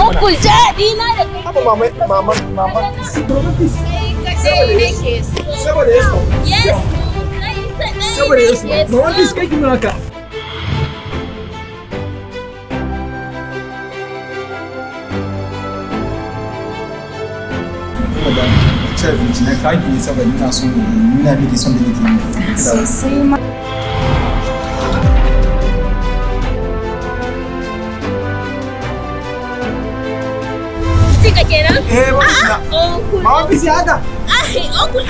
Uncle Daddy, not a Mama, mama, mama, mama. Somebody else. Yes. Somebody else. Mama, this cake in Malacca. Tchau, gente, né? Claro que isso é uma ligação, não é uma ligação de ninguém. Ah, sim, sim. ofishin kenan? Eh, ba ofishin na. Onkul. Ba haka? Ai,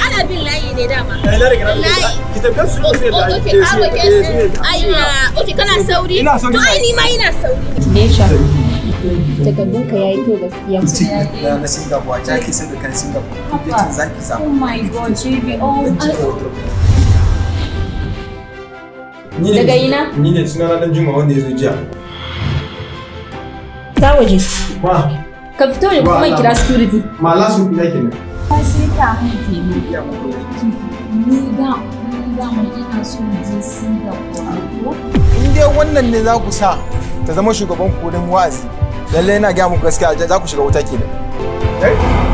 ana bin layi ne dama. Eh, da riga na. Ki tabbas su ne da. Okay, ka ba ke su. Aiya, okay kana sauri. Ina sauri. To ai ni ma ina sauri. Nisha. Takardun ka yayi kyau gaskiya. Ci na eh, na Singapore, jaki sun da kan Singapore. Kike zaki samu. Oh my god, JB. Oh. daga ina? ni ne suna na dan juma wanda ya zo jiya ta waje ba ka fito da kuma kira security ma la su kira kenan kai sai ka hanke ni ya mu ni da da mu ina so mu je Singapore ko in dai wannan ne za ku sa ta zama shugaban ku wurin wa'azi lalle ina ga muku gaskiya za ku shiga wuta kenan eh